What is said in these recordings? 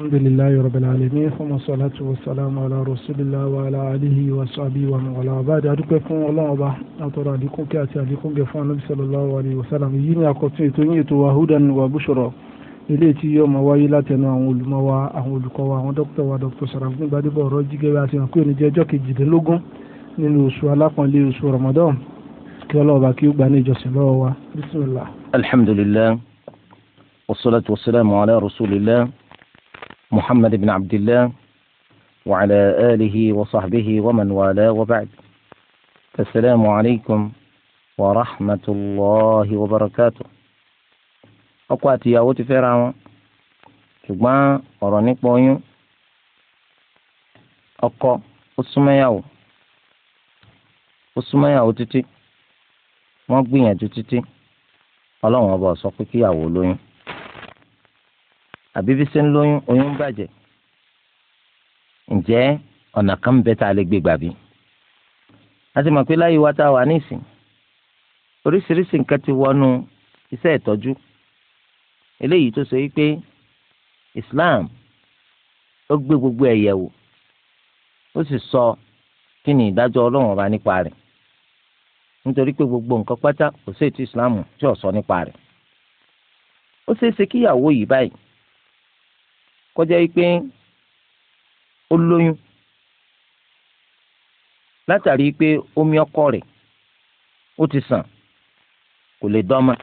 الحمد لله رب العالمين ثم الصلاة والسلام على رسول الله وعلى آله وصحبه ومن والاه بعد adúpẹ́ fún Ọlọ́run Ọba àtọrọ àlékún kí àti àlékún gẹ́ fún Ànábì sallallahu alayhi wa sallam èyí ni àkọtún ètò yín ètò wahudan wa bushra eléyìí tí yóò máa wáyé látẹnu àwọn olùmọ̀ wa àwọn olùkọ́ wa àwọn dókítà wa dókítà Ṣàràfún Gbadébọ ọ̀rọ̀ jígẹ bá ti hàn pé òní jẹ́ ọjọ́ kejìdínlógún nínú oṣù alápọ̀nlé oṣù Ramadan kí Ọlọ́run Ọba kí ó gbà ní ìjọsìn lọ́wọ́ wa bismillah. alhamdulilayi wasalaatu wasalaamu ala rasulillah. محمد بن عبد الله وعلى آله وصحبه ومن والاه وبعد السلام عليكم ورحمة الله وبركاته ọkọ àti ìyàwó ti fẹ́ra wọn ṣùgbọ́n ọ̀rọ̀ nípa oyún ọkọ ó súnmọ́yàwó ó súnmọ́yàwó títí wọ́n gbìyànjú títí ọlọ́run ọba ọ̀sọ́ pé kíyàwó lóyún àbí bí ṣe ń lóyún oyún ń bàjẹ́ ǹjẹ́ ọ̀nà kan bẹ́ẹ̀ tá a lè gbé gbà a ti mọ̀ pé láyé wa tá a wà nísìn oríṣiríṣi nǹkan ti wọnú iṣẹ́ ìtọ́jú eléyìí tó ṣe wípé Islam ó gbé gbogbo ẹ̀ yẹ̀wò ó sì sọ kí ni ìdájọ́ Ọlọ́run ọba nípa rẹ̀ nítorí pé gbogbo nǹkan pátá kò sí ètò Islam tí ò sọ nípa rẹ̀ ó ṣeé ṣe kíyàwó yìí báyìí kọjá yìí pé ó lóyún látàrí pé omi ọkọ rẹ̀ ó ti sàn kò lè dọ́mà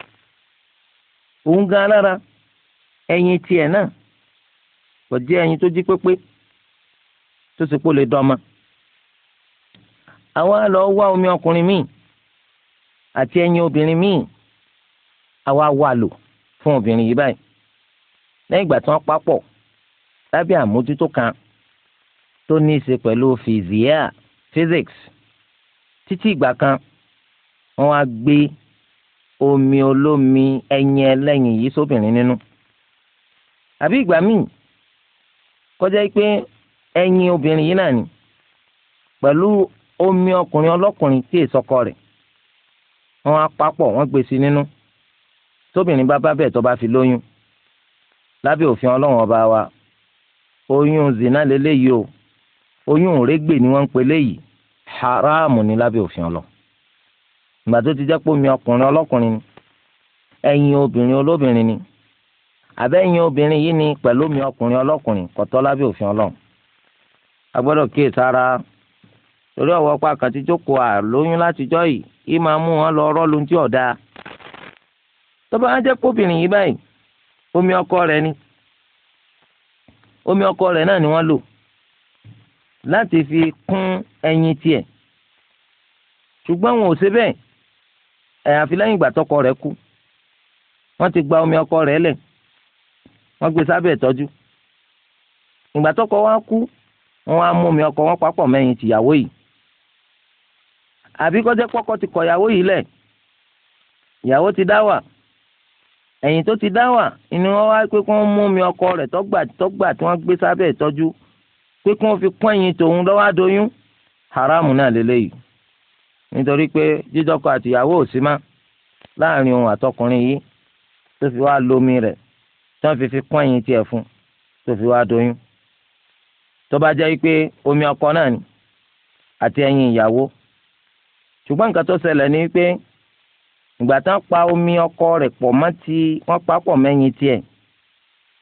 òun gan alára ẹyin tiẹ̀ náà kò jẹ́ ẹyin tó jí pépé tó sì kó lè dọ́mà àwa lọ wá omi ọkùnrin míì àti ẹyin obìnrin míì àwa wà lò fún obìnrin yìí báyìí lẹ́yìn ìgbà tí wọ́n papọ̀ lábẹ́ àmójútó kan tó ní í ṣe pẹ̀lú fìzíà physics títí ìgbà kan wọ́n á gbé omi olómi ẹyin ẹlẹ́yin yìí sóbìnrin nínú àbí ìgbà míì kọjá pé ẹyin obìnrin yìí náà ni pẹ̀lú omi ọkùnrin ọlọ́kùnrin tí èsọkọ rẹ̀ wọ́n á papọ̀ wọ́n gbé sí nínú tóbìnrin bá bá bẹ̀ tó bá fi lóyún lábẹ́ òfin ọlọ́run ọba wa oyún zina lélẹ́yìí o oyún òrégbè ni wọn ń pè léyìí haramu ní lábẹ́ òfin ọlọ ìgbà tó ti jẹ́ pé omi ọkùnrin ọlọ́kùnrin ni ẹyin obìnrin olóbìnrin ni àbẹ́yìn obìnrin yìí ni pẹ̀lú omi ọkùnrin ọlọ́kùnrin kọ̀tọ́ lábẹ́ òfin ọlọ́run a gbọ́dọ̀ kíyè sára torí ọ̀wọ́ pa àkàtí jókòó à àlóyún látijọ́ yìí yìí máa mú wọn lọ rọ́ọ̀lù tí ọ̀dà tó bá jẹ́ pé yìí báyìí omi ọkọ rẹ̀ ni omi ọkọ rẹ̀ náà ni wọ́n lò láti fi kún ẹyin tiẹ̀ ṣùgbọ́n wọn ò ṣe bẹ́ẹ̀ àyàfi lẹ́yìn ìgbà tọkọ rẹ̀ kú wọ́n ti gba omi ọkọ rẹ̀ lẹ̀ wọ́n gbé sábẹ́ ìtọ́jú ìgbà tọkọ wa kú wọ́n á mú omi ọkọ wọn papọ̀ mẹ́yìn tìyàwó yìí àbí kọ́jẹ́ pọ́kọ́ ti kọ̀ ìyàwó yìí lẹ̀ ìyàwó ti dá wà ẹ̀yìn tó ti dá wà ni wọ́n wá pé kí wọ́n mú mi ọkọ rẹ̀ tọ́gbà tọ́gbà tí wọ́n gbé sábẹ́ ìtọ́jú pé kí wọ́n fi pọ́n ẹ̀yìn tòun lọ́wọ́ adoyún haramu náà lélẹ́yìí nítorí pé jíjọkọ àtìyàwó ò sí má láàrin òun àtọkùnrin yìí tó fi wá lómi rẹ̀ tí wọ́n fi fi pọ́n ẹ̀yìn tiẹ̀ fún tó fi wá doyún tó bá jẹ́ pé omi ọkọ náà ni àti ẹ̀yìn ìyàwó ṣùgbọ́n nǹkan tó ṣẹlẹ̀ ni pé ìgbà tán pa omi ọkọ rẹ̀ pọ̀ mọ́ ti wọ́n pa pọ̀ mẹ́yìn tiẹ̀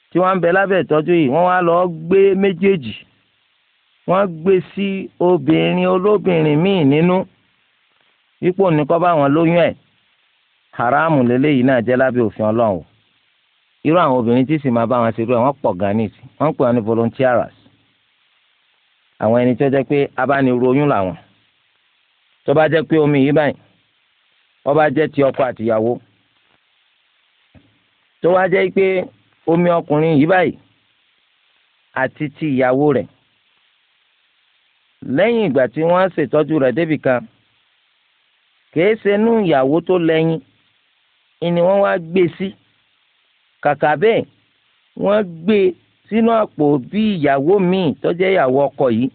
tí wọ́n ń bẹ lábẹ́ ìtọ́jú yìí wọ́n wá lọ gbé méjèèjì wọ́n gbé sí obìnrin olóbìnrin míì nínú ipò nìkan wọn lóyún ẹ̀ haramu lélẹ́yìí náà jẹ́ lábẹ́ òfin ọlọ́run irú àwọn obìnrin tí sì máa bá wọn ṣerú ẹ̀ wọ́n pọ̀ gan ní ìsìn wọ́n ń pè wọn ní volunteers àwọn ẹni tó jẹ́ pé abániroyún làwọn tó bá jẹ́ pé omi yìí báyìí ọba jẹ́ ti ọkọ àtìyàwó tó wá jẹ́ pé omi ọkùnrin yìí báyìí àti ti ìyàwó rẹ̀ lẹ́yìn ìgbà tí wọ́n ṣètọ́jú rẹ̀ débì kan kìí ṣe inú ìyàwó tó lẹ́yìn ni wọ́n wá gbé e sí kàkà bẹ́ẹ̀ wọ́n gbé e sínú àpò bí ìyàwó míì tó jẹ́ ìyàwó ọkọ yìí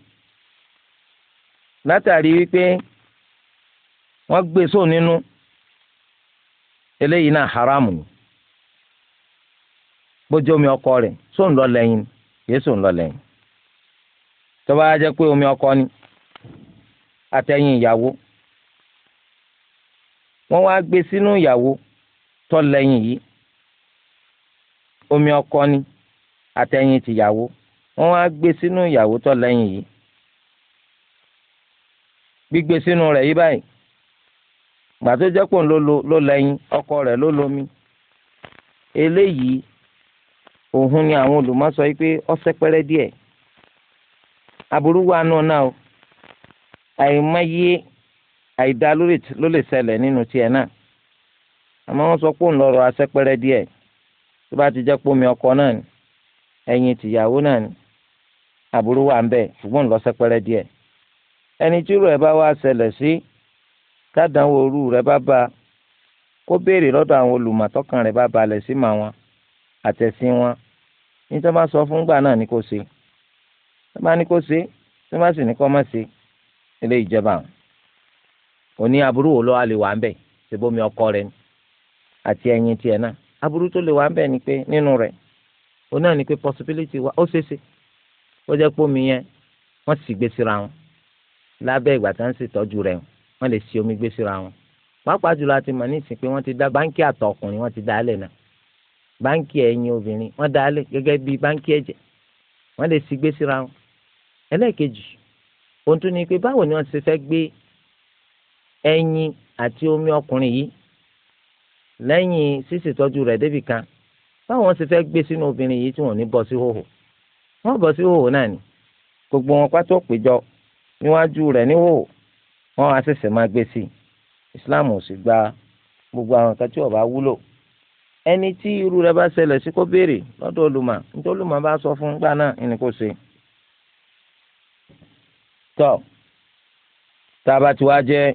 látàrí wípé wọ́n gbé e sóun nínú. So eléyìí náà haramu ni bójú omi ọkọ rẹ̀ sóun lọ lẹ́yìn yéé sóun lọ lẹ́yìn tó bá jẹ́ pé omi ọkọ ni àtẹ̀yìn ìyàwó wọ́n wá gbé sínú ìyàwó tó lẹ́yìn yìí omi ọkọ ni àtẹ̀yìn tìyàwó wọ́n wá gbé sínú ìyàwó tó lẹ́yìn yìí gbígbé sínú rẹ̀ yí báyìí gbà tó jẹ́ pò ń ló lẹ́yìn ọkọ rẹ̀ ló lomi eléyìí òhun ni àwọn olùmọ̀sọ yìí pé ọsẹ pẹ́rẹ́ díẹ̀ aburú wa nù náà o àìmọye àìdá ló lè ṣẹlẹ̀ nínú tiẹ̀ náà àmọ́ wọ́n sọ pé òun lọ́rọ̀ asẹ́ pẹ́rẹ́ díẹ̀ tó bá ti jẹ́ pé omi ọkọ náà ni ẹ̀yìn tìyàwó náà ni aburú wa ń bẹ ṣùgbọ́n lọ́sẹ̀ pẹ́rẹ́ díẹ̀ ẹni tí irú ẹ̀ bá wá ṣẹlẹ̀ sí. Si, sádánwó orú rẹ̀ bá bá a kó béèrè lọ́dọ̀ àwọn olùmọ̀tọ́kàn rẹ̀ bá balẹ̀ sí ma wọn àtẹ̀sìn wọn ní tí wọ́n bá sọ fún gbà náà ní kó ṣe tí wọ́n bá ní kó ṣe tí wọ́n bá sì ní kó má ṣe ilé ìjọba àwọn òní aburú wo ló lè wà ń bẹ̀ ṣèbomi ọkọ rẹ̀ ni àti ẹyin tiẹ̀ náà aburú tó lè wà ń bẹ̀ ni pé nínú rẹ̀ òun náà ni pé possibility wa ó ṣeéṣe ó jẹ́ pómi yẹn wọ́n sì gbé síra wọn lábẹ́ ìgbà tá ń ṣètọ́jú rẹ̀ wọn wọ́n lè ṣe omi gbé síra wọn pàápàá jùlọ àti mọ̀ nísìnyí pé wọ́n ti dá báńkì àtọ̀ ọkùnrin wọ́n ti dá lẹ̀ náà báńkì ẹ̀yìn obìnrin wọ́n dá lẹ̀ gẹ́gẹ́ bíi báńkì ẹ̀jẹ̀ wọ́n lè ṣe gbé síra wọn ẹlẹ́ẹ̀kejì ohun tó ní pé báwo ni wọ́n ti fẹ́ gbé ẹyin àti omi ọkùnrin yìí lẹ́yìn sísètọ́jú rẹ̀ débì kan báwo wọ́n ti fẹ́ gbé sínú obìnrin yìí tí wọ́n ní bọ́ sí hòhò wọ́n bọ́ sí hòhò náà ni gbogbo wọn pátó péjọ níwájú rẹ̀ ní hòhò wọ́n á ṣẹ̀ṣẹ̀ máa gbé sí i islam ò sì gba gbogbo àwọn kan tí ó bá wúlò ẹni tí irú rẹ̀ bá ṣẹlẹ̀ sí kó béèrè lọ́dọ̀ olùmọ̀ nítorí olùmọ̀ bá sọ fún gbà náà ẹni kò ṣe. tọ́ tá a bá ti wá jẹ́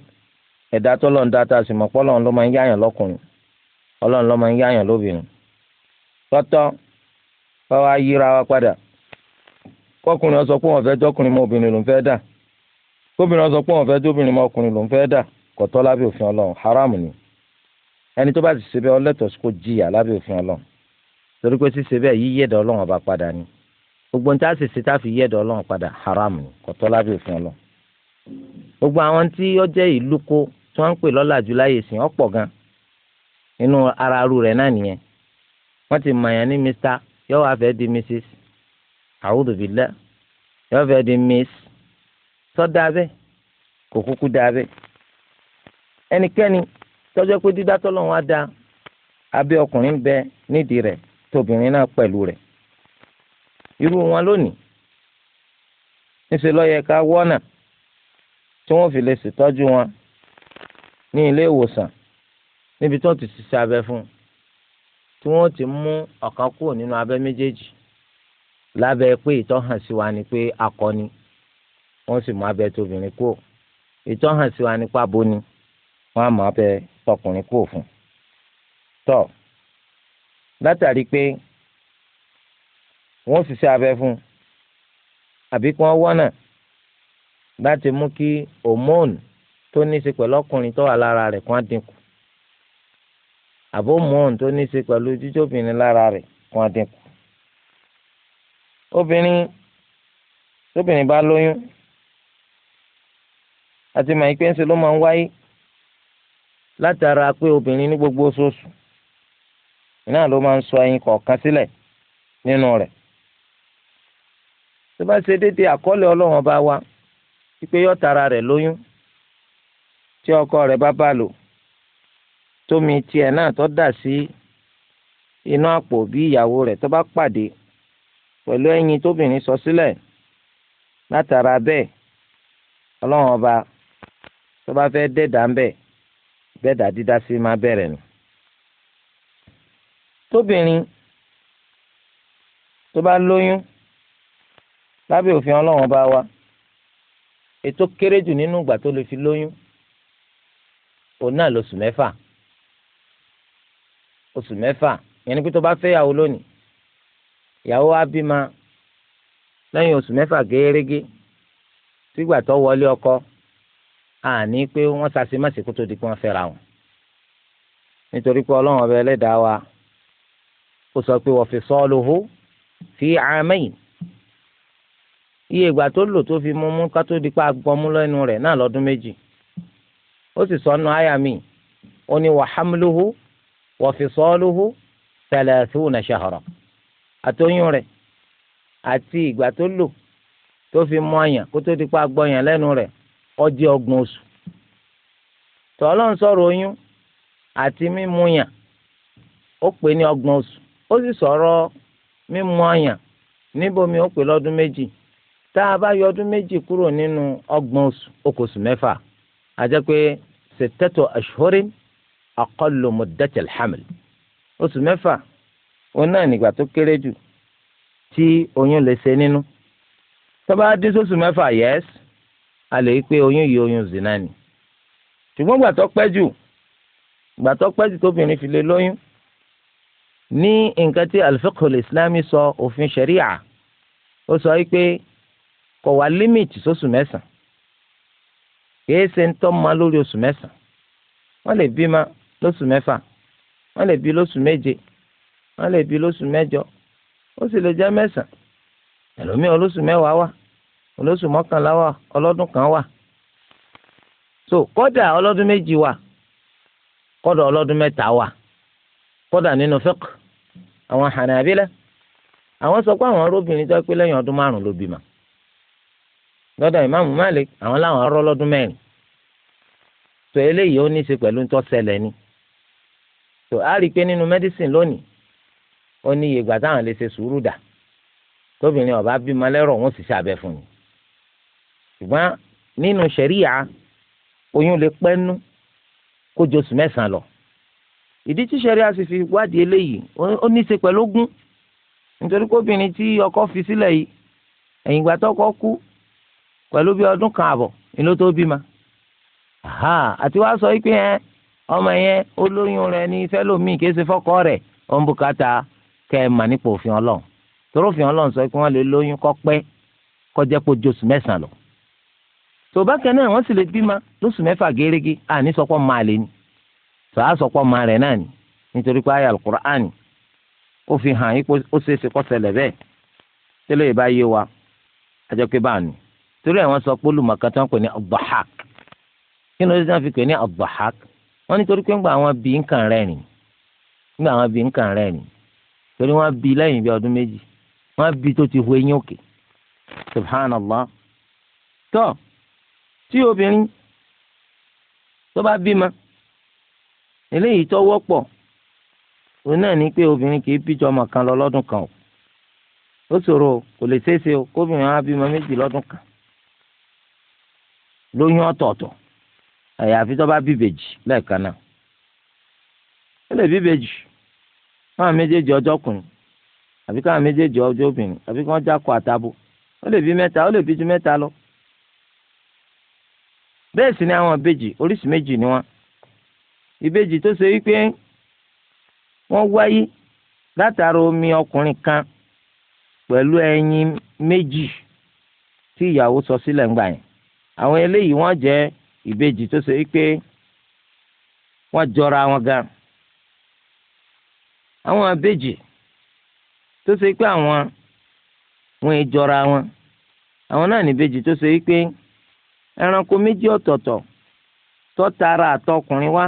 ẹ̀dá tọ́lọ̀ ń dáta sí mọ̀ pọ́lọ́n ló máa ń yáyàn lọ́kùnrin ọlọ́run ló máa ń yáyàn lóbìnrin tọ́tọ́ báwa yíra wa padà kọkùnrin ó sọ pé wọ́n fẹ́ jọkùnrin mọ́ obìnrin ló ń fẹ́ dà kóbìnrin sọ pé òun fẹ́ jóbìnrin mọ́ ọkùnrin lòún fẹ́ dà kò tọ́ lábẹ́ òfin ọlọ́run haram ni ẹni tó bá ti ṣe bẹ́ẹ̀ ọlẹ́tọ̀ọ́ kó jìyà lábẹ́ òfin ọlọ́run torí pé ṣíṣe bẹ́ẹ̀ yí yẹ̀dọ̀ ọlọ́run ọba padà ni gbogbo ní tá a sì ṣe tá a fi yẹ̀dọ̀ ọlọ́run padà haram ni kò tọ́ lábẹ́ òfin ọlọ́run gbogbo àwọn tí ó jẹ́ ìlú kó tí wọ́n ń pè lọ́làjú láyè sìn ọ̀pọ̀ gan nínú ara aru rẹ̀ náà nìyẹn wọ́n ti mọ̀ ní mr yọ́wọ́ afẹ́ di mrs àwùdùbílẹ̀ yọ́wọ́ afẹ́ di miss sọ́dà bẹ́ẹ̀ kò kúkú dà bẹ́ẹ̀ ẹnikẹ́ni tọjọ pé dídá tọ́lọ́run á da abẹ́ ọkùnrin bẹ nídìí rẹ tóbìnrin náà pẹ̀lú rẹ̀ irú wọn lónìí níṣẹ́ lọ́yẹ ká wọ́nà tí wọ́n fi lè ṣètọ́jú wọn ní ilé ìwòsàn níbi tó ti ṣiṣẹ́ abẹ fún un tí wọ́n ti mú ọ̀kan kúrò nínú abẹ méjèèjì lábẹ́ pé ìtọ́hàn sí wa ni pé akọni wọ́n sì mú abẹ́ tóbìnrin kúò ètò hàn sí wa nípa bóni wọ́n á mú abẹ́ tọkùnrin kúò fún tọ. látàrí pé wọ́n ṣiṣẹ́ abẹ fún un àbí kí wọ́n wọ́nà láti mú kí hormone tó ní í ṣe pẹ̀lú ọkùnrin tó wà lára rẹ̀ kún àdínkù. àbó hormone tó ní í ṣe pẹ̀lú jíjóbìnrin lára rẹ̀ kún àdínkù. obìnrin obìnrin bá lóyún àti màá pé ńṣe ló máa ń wáyé látara pé obìnrin ní gbogbo oṣooṣù iná ló máa ń sọ ẹyin kọ̀ọ̀kan sílẹ̀ nínú rẹ̀ tó bá ṣe déédé àkọọ́lẹ̀ ọlọ́run bá wa wípé yọ tara rẹ̀ lóyún tí ọkọ rẹ̀ bá bá lò tómi tiẹ̀ náà tó dà sí inú àpò bí ìyàwó rẹ̀ tó bá pàdé pẹ̀lú ẹyin tóbìnrin sọ sílẹ̀ látara bẹ́ẹ̀ ọlọ́run ọba tó bá fẹ́ dẹ́dà ń bẹ̀ bẹ́ẹ̀dà dídá sí máa bẹ̀rẹ̀ nù. tóbìnrin tó bá lóyún lábẹ́ òfin ọlọ́run bá wa ètò kéré jù nínú ìgbà tó lè fi lóyún òun náà lóṣù mẹ́fà oṣù mẹ́fà yẹn ni pé tó bá yàwó lónìí ìyàwó wa bímọ lẹ́yìn oṣù mẹ́fà gẹ́gẹ́rẹ́gẹ́ sígbà tó wọlé ọkọ àní pé wọ́n ṣàṣemáṣe kó tó di pé wọ́n fẹ́ra wọn nítorí pé ọlọ́run ọba ẹlẹ́dàá wa ó sọ pé wọ́n fi sọ́ọ́lùhù fi àmẹ́yìn iye ìgbà tó lò tó fi mú mú ká tó di pé agbọ́mú lẹ́nu rẹ̀ náà lọ́dún méjì ó sì sọ nù àyà mi ó ní wa hamluhu wa fisaluhu thalathuna shahra àtọ́yún rẹ̀ àti ìgbà tó lò tó fi mú àyàn kó di pé agbọ́yàn lẹ́nu rẹ̀ ọjẹ́ ọgbọ̀n oṣù tọ́lọ́ ń sọ̀rọ̀ oyún àti mímú yàn ó pè ní ọgbọ̀n oṣù ó sì sọ̀rọ̀ mímú ọyàn níbomi ó pè lọ́dún méjì tá a bá yọ ọdún méjì kúrò nínú ọgbọ̀n oṣù okòṣù mẹ́fà a jẹ́ pé sittatu ashhurin aqallu muddatil haml oṣù mẹ́fà òun náà nígbà tó kéré jù tí oyún lè ṣe nínú tó dín sóṣù mẹ́fà yẹ́sì a lè pé oyún yìí oyún zina ni ṣùgbọ́n gbà tó pẹ́ jù gbà tó pẹ́ jù tóbìnrin fi lè lóyún ní nǹkan tí al-fiqhul islami sọ òfin ṣẹ̀ríà ó sọ wípé kò wá límìtì sóṣù mẹ́sàn kìí ṣe ń tọ́ ma lórí oṣù mẹ́sàn wọ́n lè bímọ lóṣù mẹ́fà wọ́n lè bí lóṣù méje wọ́n lè bí lóṣù mẹ́jọ ó sì lè jẹ́ mẹ́sàn ẹlòmíràn lóṣù mẹ́wàá wà olóṣù mọ́kànlá wà ọlọ́dún kan wà so kódà ọlọ́dún méjì wà kódà ọlọ́dún mẹ́ta wà kódà nínú fiqh àwọn Hanabila àwọn sọ pé àwọn arúbìnrin tó pé lẹ́yìn ọdún márùn ló bímọ lọ́dọ̀ ìmáàmù Malik àwọn làwọn arọ lọ́dún mẹ́rin tó eléyìí ó ní í ṣe pẹ̀lú ń tó ṣẹlẹ̀ ni tó a rí i pé nínú mẹ́dísìn lónìí ó ní iye ìgbà táwọn lè ṣe sùúrù dà tóbìnrin ọba bímọ lẹ́rọ̀ wọn sì ṣàbẹ̀ fún yìí ṣùgbọ́n nínú ṣẹ̀ríyà oyún lè pẹ́ nú kó josù mẹ́sàn-án lọ ìdí tí ṣẹ̀ríyà sì fi wádìí eléyìí ó ní í ṣe pẹ̀lú ogún nítorí kóbìnrin tí ọkọ fi sílẹ̀ yìí ẹ̀yìn ìgbà tọkọ kú pẹ̀lú bí ọdún kan àbọ̀ ìlú tó bímọ àti wàá sọ pé ọmọ yẹn olóyún rẹ̀ ní fẹ́lòmíì kìí ṣe fọ́kọ rẹ̀ ó bùkátà kẹ́ ẹ mà nípa òfin Ọlọ́run torófin Ọlọ́run sọ pé wọ́n lè lóyún kó pẹ́ kó jẹ́ kó josù mẹ́sàn-án lọ tó bákan náà wọ́n sì lè bímọ lóṣù mẹ́fà gérégé àní sọpọ́ máa lè ní sọ á sọpọ́ máa rẹ̀ náà ni nítorí pé àyà alukur'an ó fi hàn yín pé ó ṣeé ṣe kó ṣẹlẹ̀ bẹ́ẹ̀ tẹ́lẹ̀ ìbá yé wa ajọ́ pé báà ní torí ẹ̀ wọ́n sọ pé olùmọ̀ọ́ká tó ń pè ní abdulhaq kí ló wọ́n fi pè ní abdulhaq wọ́n nítorí pé ńgbà àwọn bí nǹkan rẹ̀ nì ńgbà àwọn bí nǹkan rẹ̀ nì torí wọ́n bí lẹ́yìn bí ọdún méjì wọ́n bí tó ti hu eyín òkè subhanallah tó. So, tí obìnrin tó bá bímọ eléyìí tó wọ́pọ̀ òun náà ní pé obìnrin kì í bíjọ ọmọ kan lọ lọ́dún kan o ó ṣòro kò lè ṣeéṣe o kóbìnrin á bímọ méjì lọ́dún kan lóyún ọ̀tọ̀ọ̀tọ̀ àyàfi tó bá bíbèjì lẹ́ẹ̀kan náà ó lè bíbèjì káwọn méjèèjì ọjọ́ kùnrin àbí káwọn méjèèjì ọjọ́ obìnrin àbí káwọn jákọ̀ àtàbò ó lè bí mẹ́ta ó lè bí ju mẹ́ta lọ bẹ́ẹ̀ sì ni àwọn ìbejì oríṣi méjì ni wọn ìbejì tó ṣe wípé wọ́n wáyé látara omi ọkùnrin kan pẹ̀lú ẹyin méjì tí ìyàwó sọ sílẹ̀ ńgbà yẹn àwọn eléyìí wọ́n jẹ́ ìbejì tó ṣe wípé wọ́n jọra wọn gan àwọn ìbejì tó ṣe pe àwọn wọn jọra wọn àwọn náà ní ìbejì tó ṣe wípé. ẹranko méjì ọ̀tọ̀ọ̀tọ̀ tọ́tara àtọkùnrin wá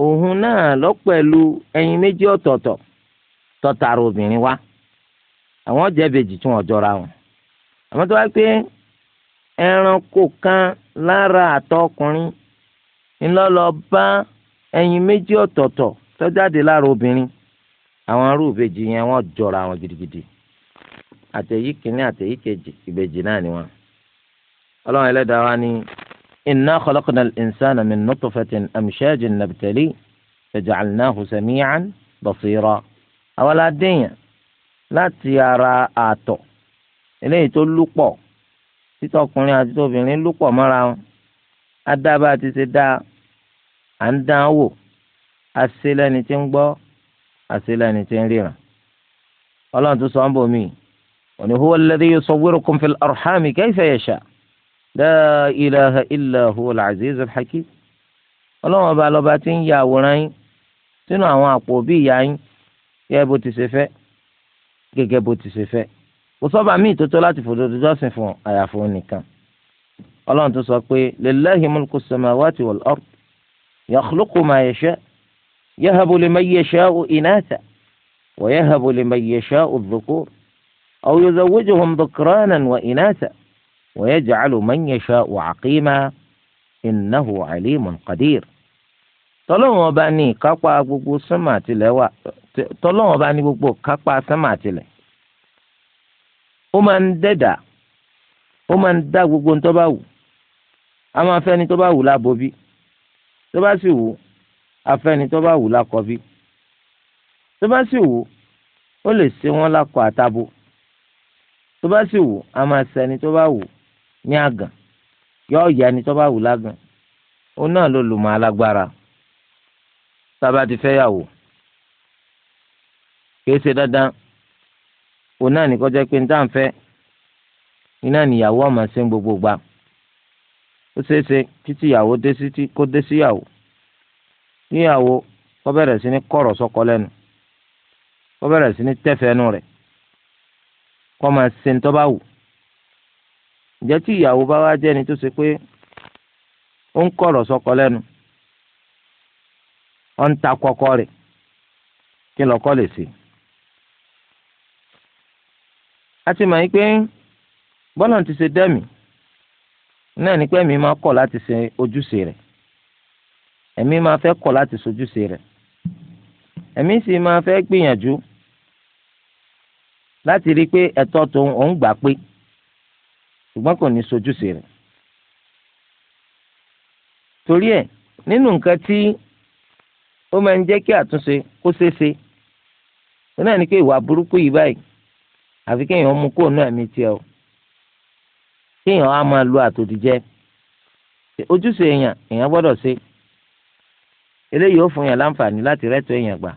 òun náà lọ pẹ̀lú ẹyin méjì ọ̀tọ̀ọ̀tọ̀ tọ́tara obìnrin wá àwọn jẹ́bejì tún ọ̀jọ́ra wọn àmọ́ tó wá pé ẹranko kan lára àtọkùnrin ńlọ lọ bá ẹyin méjì ọ̀tọ̀ọ̀tọ̀ tó jáde lára obìnrin àwọn arú ìbejì yẹn wọ́n jọra wọn gidigidi àtẹ̀yí kìíní àtẹ̀yí kejì ìbejì náà ni wọ́n. ọlọ́run ẹlẹ́dàá wa ní inna khalaqnal insana min nutfatin amshajin nabtali faja'alnahu sami'an basira àwa la déèyàn láti ara àtọ̀ eléyìí tó lúpọ̀ títọkùnrin àti tóbìnrin lúpọ̀ mọ́ra wọn adábà ti ṣe dá à ń dán wò àṣelẹ́ni tí ń gbọ́ àṣelẹ́ni tí ń ríran ọlọ́run tó sọ ń bò mí òní huwa alladhi yusawwirukum fil arhami kayfa yasha'. la ilaha illa huwal aziz alhakim ọlọ́run ọba lọ́ba tí ń ya àwòrán yín sínú àwọn àpò bí ìyá yín gẹ́gẹ́ bó ti ṣe fẹ́ gẹ́gẹ́ bó ti ṣe fẹ́ kò sọ́ba míì tó tó láti fòdodo jọ́sìn fún àyàfó nìkan ọlọ́run tó sọ pé lillahi mulku samawati wal ard yakhluqu ma yasha yahabu liman yasha'u inatha wa yahabu liman yasha'u dhukur aw yuzawwijuhum dhukranan wa inatha. ويجعل من يشاء عقيما إنه عليم قدير tọlọ́wọ́n ọba ní ìkápá gbogbo sánmà àtìlẹ̀ wà tọlọ́wọ́n ọba ní gbogbo kápá sánmà àtìlẹ̀ ó máa ń dẹ́dà ó máa ń dá gbogbo ń tó bá wù á máa fẹ́ ni tó bá wù lábo bí tó bá sì wù afẹ́ni tó bá wù lákọ bí tó bá sì wù ó lè ṣe wọ́n lákọ àtàbò tó bá sì wù á máa ṣẹni tó bá wù ní àgàn yóò yá ni tó bá wù lágàn òun náà ló lùmọ̀ alágbára sábà ti fẹ́ yàwó kìí ṣe dandan òun náà ní kọjá pé níta ń fẹ́ iná níyàwó ọmọ ṣe ń gbogbo gbà ó ṣeé ṣe títí ìyàwó dé sí kó dé síyàwó níyàwó kó bẹ̀rẹ̀ sí ní kọ̀rọ̀ sọ́kọ lẹ́nu kó bẹ̀rẹ̀ sí ní tẹ́fẹ̀ẹ́nu rẹ̀ kó máa ṣe ń tó wù ǹjẹ́ tí ìyàwó bá wá jẹ́ni tó ṣe pé ó ń kọ̀rọ̀ sọ́kọ lẹ́nu ó ń ta kọkọ rẹ̀ kí lọ́kọ lè ṣe. a ti mọ̀ yín pé bọ́lá ti ṣe dẹ́mi náà ní pé ẹ̀mí máa kọ̀ láti ṣe ojúṣe rẹ̀ ẹ̀mí máa fẹ́ kọ̀ láti ṣojúṣe rẹ̀ ẹ̀mí sì máa fẹ́ gbìyànjú láti rí i pé ẹ̀tọ́ tòun òun gbà pé ṣùgbọ́n kò ní sojúṣe rẹ̀ torí ẹ̀ nínú nǹkan tí ó máa ń jẹ́ kí àtúnṣe kó ṣeé ṣe ó náà ní pé ìwà burúkú yìí báyìí àfi kéèyàn mú kó náà mi tiẹ̀ o kéèyàn á máa lo àtòdìjẹ ojúṣe èèyàn èèyàn gbọ́dọ̀ ṣe eléyìí ó fún yàn láǹfààní láti rẹ́tọ̀ èèyàn gbà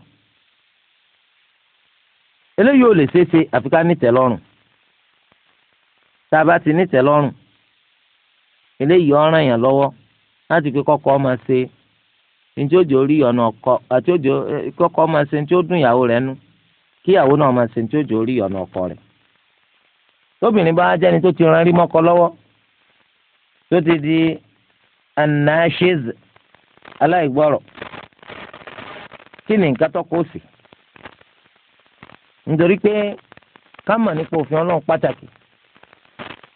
eléyìí ò lè ṣeé ṣe àfi ká nítẹ̀lọ́rùn tá a bá ti nítẹ̀lọ́rùn eléyìí ọ̀ràn yàn lọ́wọ́ láti pé kọ́kọ́ máa ṣe ntí ó jò rí ọ̀nà ọkọ àti òjò kọ́kọ́ máa ṣe ntí ó dùn ìyàwó rẹ̀ nú kí ìyàwó náà ṣe ó jò rí ọ̀nà ọkọ tóbìnrin bá ti ran rí tó ti di anashez aláìgbọ́rọ̀ kí ni nǹkan tó kó sí nítorí pé ká mọ̀ nípa òfin ọlọ́run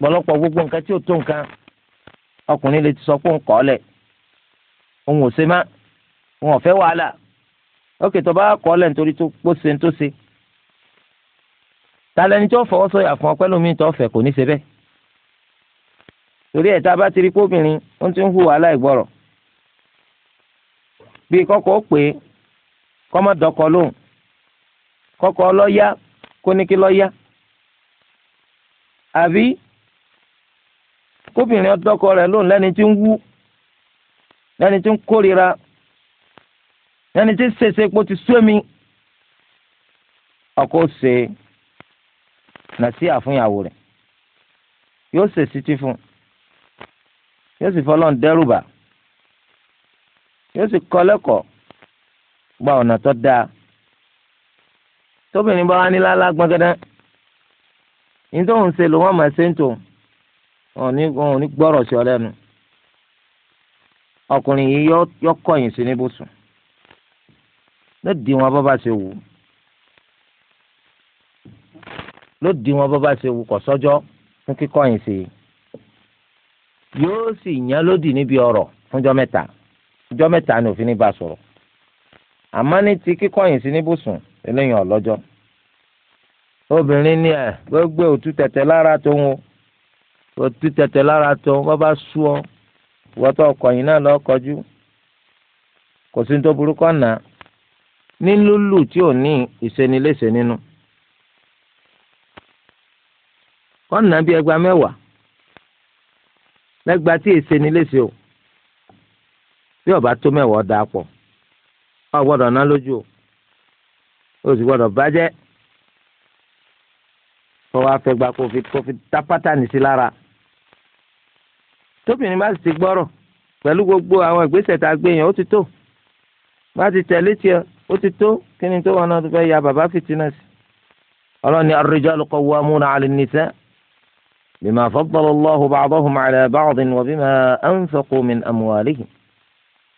ọ̀pọ̀lọpọ̀ gbogbo nǹkan tí ò tó nǹkan ọkùnrin lè ti sọ pé òun kọ́ lẹ̀ òun ò ṣe má òun ò fẹ́ wàhálà ókè tó bá kọ́ lẹ̀ nítorí tó pọ́sẹ̀ ń tó ṣe talẹ́ni tó fọwọ́ sọ̀yà fún ọpẹ́ lómi tó fẹ́ kò ní ṣe bẹ́ẹ̀ torí ẹ̀ tá a bá ti rí kóbìnrin ó ti ń hùwà aláìgbọ́rọ̀ bíi kọ́kọ́ pé kọ́mọ dọ́kọ lóhùn kọ́kọ́ lọ́ọ́yá kóníkí lọ́ọ́yá àbí kóbìnrin ọdọkọ rẹ̀ lóun lẹ́ni tí ń wú lẹ́ni tí ń kórira lẹ́ni tí ń ṣèṣe epo ti sú èmi ọkọ ṣe nàṣíà fún ìyàwó rẹ̀ yóò ṣe sítí fún yóò sì fọlọ́n dẹ́rùbà yóò sì kọ́ lẹ́kọ̀ọ́ gba ọ̀nà tó dáa tóbìnrin bá wà ní lálá gbọ́ngàdán ní tóun ṣe ló wọ́n máa ṣe ń tòun òní òní gbọ́rọ̀ sí ọ lẹ́nu ọkùnrin yìí yọ kọ̀yìn sí níbùsùn lódì wọn bọ́ba ṣe wù lódì wọn bọ́ba ṣe wù kọ̀ sọ́jọ́ fún kíkọ̀yìn sí yóò sì yán lódì níbi ọ̀rọ̀ fúnjọ́ mẹ́ta fúnjọ́ mẹ́ta ni òfin ní bá sọ̀rọ̀ àmọ́ ní ti kíkọ̀yìn sí níbùsùn eléyìí ọ̀lọ́jọ́ obìnrin ni ẹ̀ gbogbo òtún tẹ̀tẹ̀ lára tó ń wo òtú tẹ̀tẹ̀ lára tó wọ́n bá sú ọ wọ́tọ̀ ọkọ̀ yìí náà lọ́ọ́ kọjú kò sí ní tó burúkọ nà ní lúlù tí ò ní ìsenilése nínú kọ́nà bíi ẹgbàá mẹ́wàá lẹ́gbàá tí ìsenilése o bí ọba tó mẹ́wàá ọ̀dà pọ̀ ọ gbọ́dọ̀ ná lójú o o sì gbọ́dọ̀ bàjẹ́ kọ́ wa fẹ́ gba kó fi tápátá nìsí lára. tóbìnrin bá ti gbọ́rọ̀ pẹ̀lú gbogbo àwọn ìgbésẹ̀ tá a gbé yẹn ó ti tó bá ti tẹ̀lé tiẹ̀ ó ti tó kí ni tó wọn náà tó fẹ́ ya bàbá fìtínà sí. ọlọ́ni ar-rijalu qawwamuna 'ala an-nisa bima faddala Allahu ba'dahum 'ala ba'din wa bima anfaqu min amwalihim.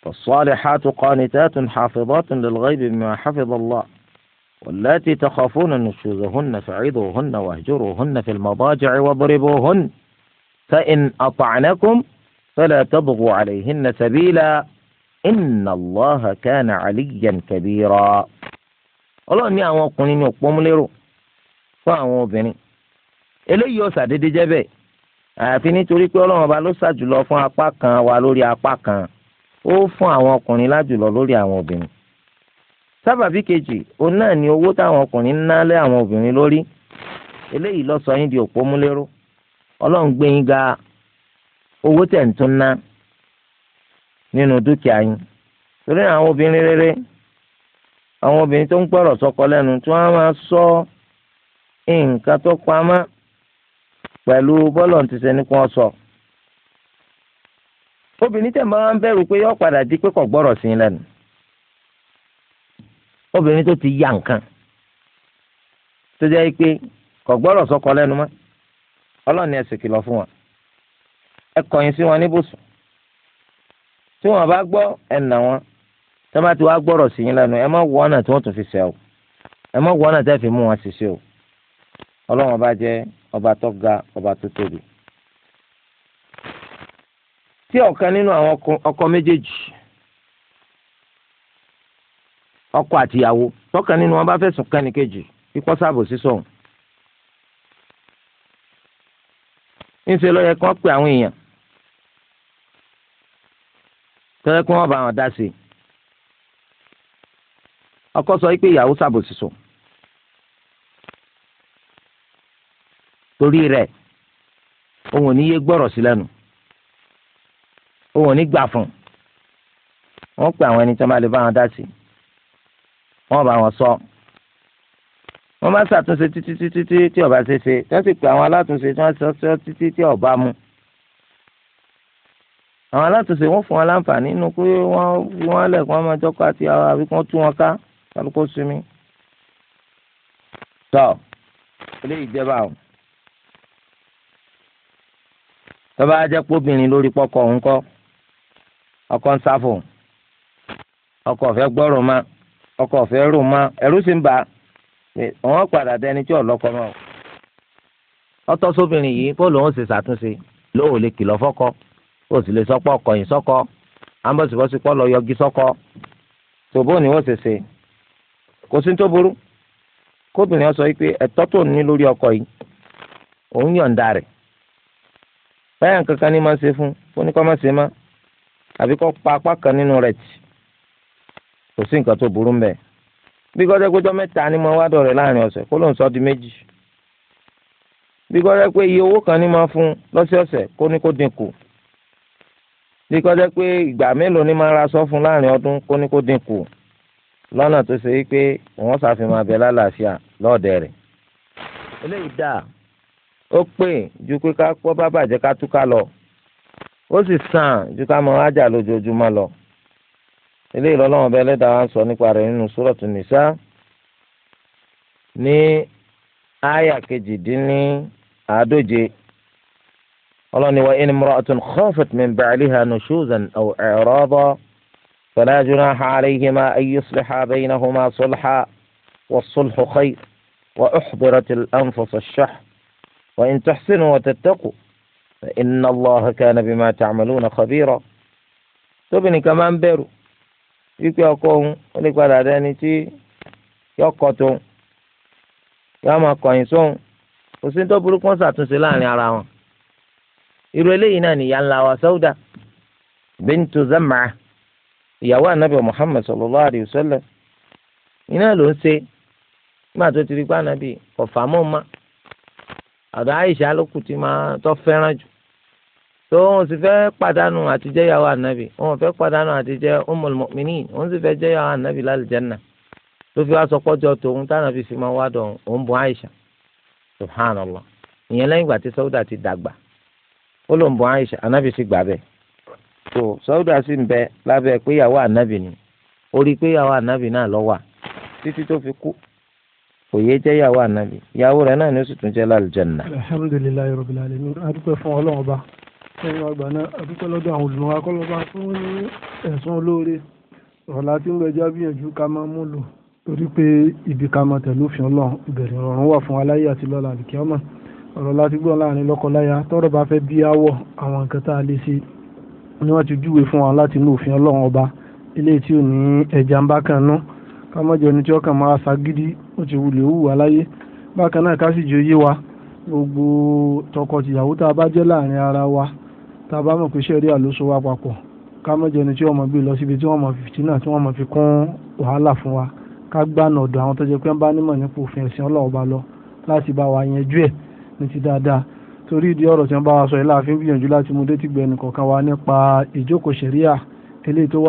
فالصالحات قانتات حافظات للغيب بما حفظ الله واللاتي تخافون نشوزهن فعظوهن واهجروهن في المضاجع واضربوهن فإن أطعنكم فلا تبغوا عليهن سبيلا إن الله كان عليا كبيرا ọlọ́run ní àwọn ọkùnrin ní òpómúlérò fún àwọn obìnrin eléyìí ó ṣàdédé jẹ́ bẹ́ẹ̀ àyàfi nítorí pé ọlọ́run ọba ló ṣàjùlọ fún apá kan wa lórí apá kan ó fún àwọn ọkùnrin lájùlọ lórí àwọn obìnrin sábàbí kejì òun náà owó táwọn ọkùnrin ń ná lé àwọn obìnrin lórí eléyìí ọlọ́run gbé yín ga owó tẹ̀ ń tún ná nínú dúkìá yín torí àwọn obìnrin rere àwọn obìnrin tó ń pọ̀rọ̀ sọ́kọ lẹ́nu sọ nǹkan tó pamọ́ pẹ̀lú bọ́ọ̀lù ti ṣe ní kí wọ́n sọ. obìnrin tẹ̀ máa ń bẹ̀rù pé yóò padà di pé kò ti ya nǹkan tó jẹ́ pé kò gbọ́rọ̀ lẹ́nu ọlọ́run ni ẹ sì kìlọ̀ fún wọn ẹ kọ̀yìn sí wọn níbùsùn tí wọn bá gbọ́ ẹ nà wọn tí wọn bá ti wá gbọ́rọ̀ sí yín lẹ́nu ẹ má wọ ọ̀nà tí wọ́n tún fi ṣẹ̀ o ẹ má wọ ọ̀nà tẹ́ fi mú wọn ṣiṣẹ́ o ọlọ́run ọba jẹ́ ọba tó ga ọba tó tóbi. tí ọ̀kan nínú àwọn ọkọ méjèèjì ọkọ àtìyàwó tọ̀kan nínú wọn bá fẹ̀sùn kẹ́nìkejì kíkọ́ sáàbò sísọ̀hún ńṣe ló yẹ kó pè àwọn èèyàn tọ́lẹ́ kí wọ́n bá wọn dá sí i ọkọ sọ pé ìyàwó ṣàbòsí sùn torí rẹ̀ òun ò ní yé gbọ́rọ̀ sí lẹ́nu òun ò ní gbà fún un wọ́n àwọn ẹni tí wọ́n bá lè bá wọn dá sí i wọ́n bá wọn sọ. So wọ́n máa ń ṣàtúnṣe títí títí tí tí ọba ṣe ṣe tí wọ́n sì pè àwọn alátúnṣe tí wọ́n sọ sọ títí tí ọba mu àwọn alátúnṣe wọ́n fún wọn láǹfààní inú pé wọ́n fi wọ́n lẹ̀ kí wọ́n máa jọ́kọ́ àti àwọn àbí kí wọ́n tú wọn ká kálukó sinmi. tọ́ eléyìí jẹba o tọ́ba á jẹ́ póbìnrin lórí pọ́kọ òun kọ́ ọkọ ń sáfò ọkọ ọ̀fẹ́ gbọ́rọ̀ ma ọkọ ọ̀fẹ́ rò ma ẹ̀rú sì ń bà wọ́n padà dẹni tí ọlọ́kọ mọ́ ọtọ́ sóbìnrin yìí bóòlù òun ṣe ṣàtúnṣe lóò lè kìlọ̀ fọ́kọ ó sì lè sọpọ́ ọkọ̀yìn sọ́kọ ambọ̀sibọ́sipọ́ lọ yọgi sọ́kọ tòbó ni wọ́n ṣe ṣe kò sí tó burú kóbìnrin ọ sọ pé ẹ̀tọ́ tó ní lórí ọkọ yìí òun yọ̀ǹda rẹ̀ báyà kankan ní máa ṣe fún kó ní kó má ṣe má àbí kó pa apá kan nínú rẹ̀ tì kò sí nǹkan tó burú mbẹ́ẹ̀. bí kọ́jọ́ pé ọjọ́ mẹ́ta ni mo wá dọ̀rẹ́ láàrin ọ̀sẹ̀ kó ló ń sọ di méjì bí kọ́jọ́ pé iye owó kan ni mo fún lọ́sọ̀ọ̀sẹ̀ kó ní kó dínkù bí kọ́jọ́ pé ìgbà mélòó ni mo ra sọ fún láàrin ọdún kó ní kó dínkù lọ́nà tó ṣe wípé wọ́n ṣàfihàn abẹ lálàáfíà lọ́ọ̀dẹ rẹ̀ eléyìí dáa ó pè ju pé ká pọ́ bá bàjẹ́ ká túká lọ ó sì sàn ju ká mọ ájà lójoojúmọ́ lọ. ilé ìrọ̀lọ́wọ́n bẹ́ẹ̀ lẹ́dàá wa ń sọ nípa rẹ̀ nínú Suratu Nisa ní àyà kejìdínní àádóje ọlọ́ni wa in imra'atun khafat min ba'liha nushuzan aw i'rada fala junaha alayhima an yusliha baynahuma sulha was-sulhu khayr wa uhdirat al-anfus ash-shuh wa in tuhsinu wa tattaqu fa inna Allaha kana bima ta'maluna khabira tóbi ni kama ń bẹ̀rù. wípé ọkọ òun ó lè padà dẹni tí yọ kọ tóun yọ máa kọ̀yìn sóun kò tó burúkú wọn ṣàtúnṣe láàrin ara wọn irú eléyìí náà ni ńlá wa Sauda bintu Zam'a ìyàwó anabi Muhammad sallallahu alayhi wa sallam iná ló ń ṣe tó ti rí anabi kò fà ma àdó Aisha máa tọ́ fẹ́ràn jù so wọn sì fẹ́ pàdánù àtijẹ́ ìyàwó ànábì wọn fẹ́ pàdánù àtijẹ́ Ummul Mu'minin wọn sì fẹ́ jẹ́ ìyàwó ànábì lálùjánnà tó fi wá sọ pọ́jọ́ tòun tánàbì fi máa wá dọ̀hún òun bọ́ Àìṣà subhanallah ìyẹn lẹ́yìn ìgbà tí Sọ́wọ́dà ti dàgbà ó ló ń bọ́ Àìṣà ànábì sì gbà bẹ́ẹ̀ tó Sọ́wọ́dà sì ń bẹ lábẹ́ pé ìyàwó ànábì ni ó rí pé ìyàwó ànábì náà lọ wà títí tó fi kú kò yé jẹ́ ìyàwó ànábì ìyàwó rẹ̀ náà ni ó sì tún jẹ́ lálùjánnà. alhamdulillahi rabbil alamin adúpẹ́ fún ọlọ́run ọba ẹ̀rọ àgbà náà àdúpẹ́ lọ́dọ̀ àwọn olùmọ̀ra kọ́lọ́ba fún ẹ̀sùn olóore ọ̀la tí ń rẹjọ́ gbìyànjú ká máa mú lò torí pé ibi ká máa tẹ̀lé òfin ọlọ́run ìbẹ̀rẹ̀ ọ̀run wà fún aláyé àti lọ́la àdìkíọ́mọ̀ ọ̀rọ̀ láti gbọ́ láàrin lọ́kọláya tọ́rọ̀ bá fẹ́ bí áwọ̀ àwọn nǹkan tá a lè ṣe ni wọ́n ti júwe fún wa láti inú òfin ọlọ́run ọba eléyìí tí ò ní ẹja ń bá kan ná ká má jẹ́ ẹni tí ọkàn máa ṣagídí ó ti wulẹ̀ wù wá láyé bákan náà ká sì jẹ́ òye wa gbogbo tọkọ tìyàwó tá a bá jẹ́ láàrin ara wa tá a bá mọ̀ pé sẹ́rí àlóso wa papọ̀ ká má jẹ́ ẹni tí wọ́n mọ̀ gbé lọ síbi tí wọ́n mọ̀ fìtínà tí wọ́n mọ̀ fi kún wàhálà fún wa ká gbàna ọ̀dọ̀ àwọn tó jẹ́ pé ń bá nímọ̀ nípa òfin ẹ̀sìn ọlọ́run bá lọ láti bá wa yanjú ẹ̀ ní ti dáadáa torí ìdí ọ̀rọ̀ tí wọ́n bá wa sọ yìí láàfin gbìyànjú láti mú dé ti gbẹ ẹnì kọ̀ọ̀kan wa nípa ìjókòó ṣẹ̀ríà eléyìí tó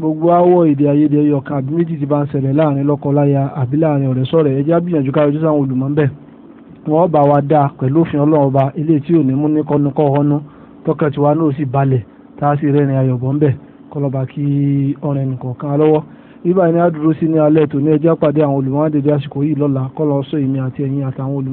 gbogbo awọ èdè àìyedè ẹyọ àbí méjì ti bá ń ṣẹlẹ̀ láàrin lọ́kọ láya àbí láàrin ọ̀rẹ́ sọ̀rẹ́ ẹ jẹ́ á gbìyànjú ká olùmọ̀ ń bẹ̀ ni bá wa dá pẹ̀lú òfin ọlọ́run ọba ilé tí ò ní mú ní kọ́nukọ́ ọ̀hánú tọ́kẹ́ tiwa náà sì balẹ̀ tá a sì rẹ́rìn ayọ̀ bọ́ ńbẹ̀ kọlọ́ba kí ọ̀rẹ́ kan lọ́wọ́ ibà ni a dúró sí ní alẹ́ tòní ẹjẹ́ pàdé àwọn àsìkò yìí lọ́la kọ́lọ́ sọ èmi àti ẹ̀yin àtàwọn